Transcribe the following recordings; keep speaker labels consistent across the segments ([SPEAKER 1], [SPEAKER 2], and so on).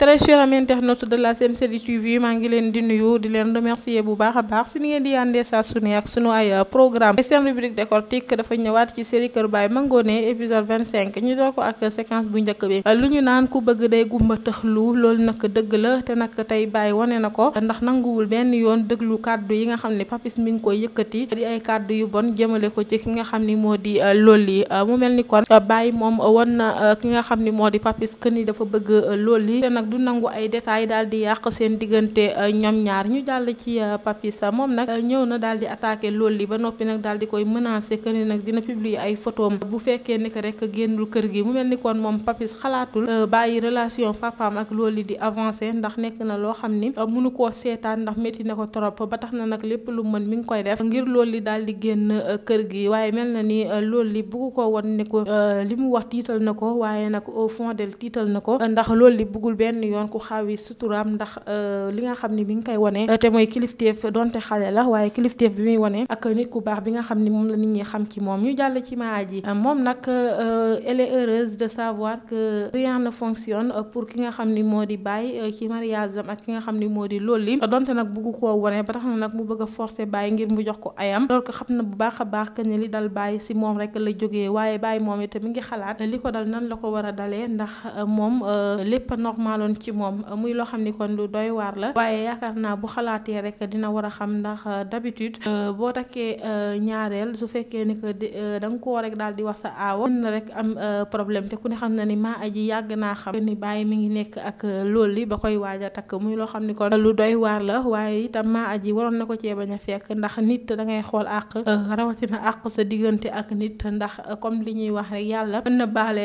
[SPEAKER 1] très chers amis internautes de la Sen Série TV maa ngi leen di nuyu di leen remercier bu baax a baax si ni ngeen di yàndee saa su ne ak sunu ay euh, programme seen rubrique décortique dafa ñëwaat ci série Kër Baye Mangoné épisode 25 ñu door ko ak séquence bu njëkk bi lu ñu naan ku bëgg day gumba tëxlu loolu nag dëgg la te nag tey bàyyi wane na ko ndax nanguwul benn yoon déglu kàddu yi nga xam ne papis mi ngi koy yëkkati di ay kàddu yu bon jëmale ko ci ki nga xam ni moo di euh, Loli euh, mu mel ni kon Baye moom won na ki nga xam ni moo di papis que ni dafa bëgg Loli te nag du nangu ay détails daal di yàq seen diggante euh, ñoom ñaar ñu jàll ci euh, Papis moom nag euh, ñëw na daal di attaqué loolu li ba noppi nag daal di koy menacé que ni nag dina publier ay photos bu fekkee ni que rek génnul kër gi mu mel ni kon moom Papis xalaatul bàyyi relation papaam ak lool li di avancé ndax nekk na loo xam ni munu koo seetaan ndax métti na ko trop ba tax na nag lépp lu mën mi ngi koy def ngir lool li daal di génn kër gi waaye mel na ni loolu li bugg ko won ne ko li mu wax tiital na ko waaye nag ko benn yoon ku xaawi suturaam ndax euh, li nga xam ni mi ngi koy wane te mooy kilifteef donte xale la waaye kilifteef bi muy wane ak nit ku baax bi nga xam ni moom la nit xam ci moom ñu jàll ci maa ji moom nag euh, elle de savoir que rien ne pour ki nga xam ni moo di bàyyi euh, ci mariage am ak ki nga xam ni moo di loolu li donte nag bugg koo wane ba tax na nag mu bëgg a forcer bàyyi ngir mu jox ko ayam loolu ko xam na bu baax a baax que ni li dal bàyyi si moom rek la jógee waaye bàyyi moom itam mi ngi xalaat li ko dal nan la ko war a dalee ndax moom lépp normal doon ci moom muy loo xam ni kon lu doy waar la waaye yaakaar naa bu xalaatee rek dina war a xam ndax euh, d'habitude euh, boo takkee euh, ñaareel su fekkee ni que da nga koo rek daal di wax sa aawa na rek am problème te ku ne xam na ni maa aji yàgg naa xam ni bàyyi mi ngi nekk ak loolu li ba koy waaj a muy loo xam ni kon lu doy waar la waaye itam maa aji waroon na ko cee bañ a fekk ndax nit da ngay xool àq rawatina àq sa diggante ak nit ndax comme li ñuy wax rek yàlla mën na baale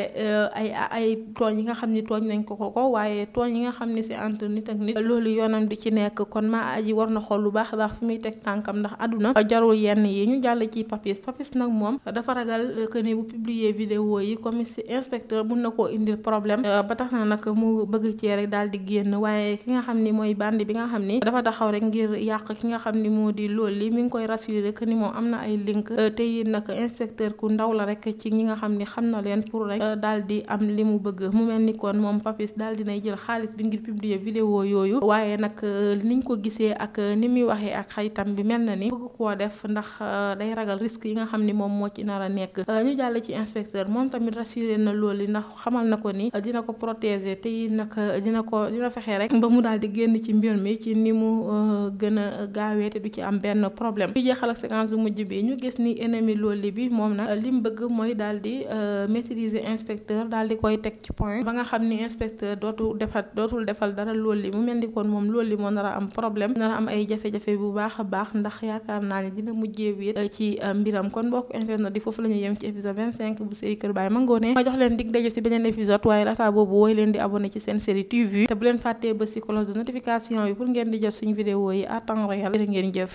[SPEAKER 1] ay ay tooñ yi nga xam ni tooñ nañ ko ko ko waaye tooñ yi nga xam ne si entre nit ak nit loolu yoonam di ci nekk kon maa aji war na xool lu baax a baax fi muy teg tànkam ndax àdduna jarul yenn yi ñu jàll ci papis papis nag moom dafa ragal euh, que ni bu publier vidéo yi comme si inspecteur mun na koo indil problème euh, ba tax na nag mu bëgg cee rek daal di génn waaye ki nga xam ni mooy bandi bi nga xam ni dafa taxaw rek ngir yàq ki nga xam ni moo di loolu li mi ngi koy rassurer que ni moom am na ay link euh, te yi nag inspecteur ku ndaw la rek ci ñi nga xam ni xam na leen pour rek daal di am li mu bëgg mu mel ni kon moom papis daal dinay jël xaalis bi ngir publier vidéo yooyu waaye nag euh, niñ ko gisee ak euh, ni muy waxee ak xaritam bi mel na ni bëgg koo def ndax euh, day ragal risque yi nga xam ni moom moo ci nar a nekk ñu jàll ci inspecteur moom tamit rassuré na loolu ndax xamal na ko ni dina ko protéger tey yi nag dina ko dina fexee rek ba mu daal di génn ci mbir mi ci ni mu gën a gaawee te du ci am benn problème bi jeexal ak séquence mujj bi ñu gis ni ennemi loolu bi moom nag li mu bëgg mooy daal di maîtriser inspecteur daal di koy teg ci defat dootul defal dara lool li mu mel ni moom lool li moo nar a am problème nar am ay jafe-jafe bu baax a baax ndax yaakaar naa ne dina mujjee wéet eh, ci eh, mbiram kon mbokk internet di foofu la yem ci épisode 25 bu série Kër Baye Mangoné ma jox leen dig daje si beneen épisode waaye laata boobu wooy leen di abonné ci seen série TV te bu leen fàttee ba si cloche de notification bi pour ngeen di jot suñu vidéo yi à temps ngeen jëf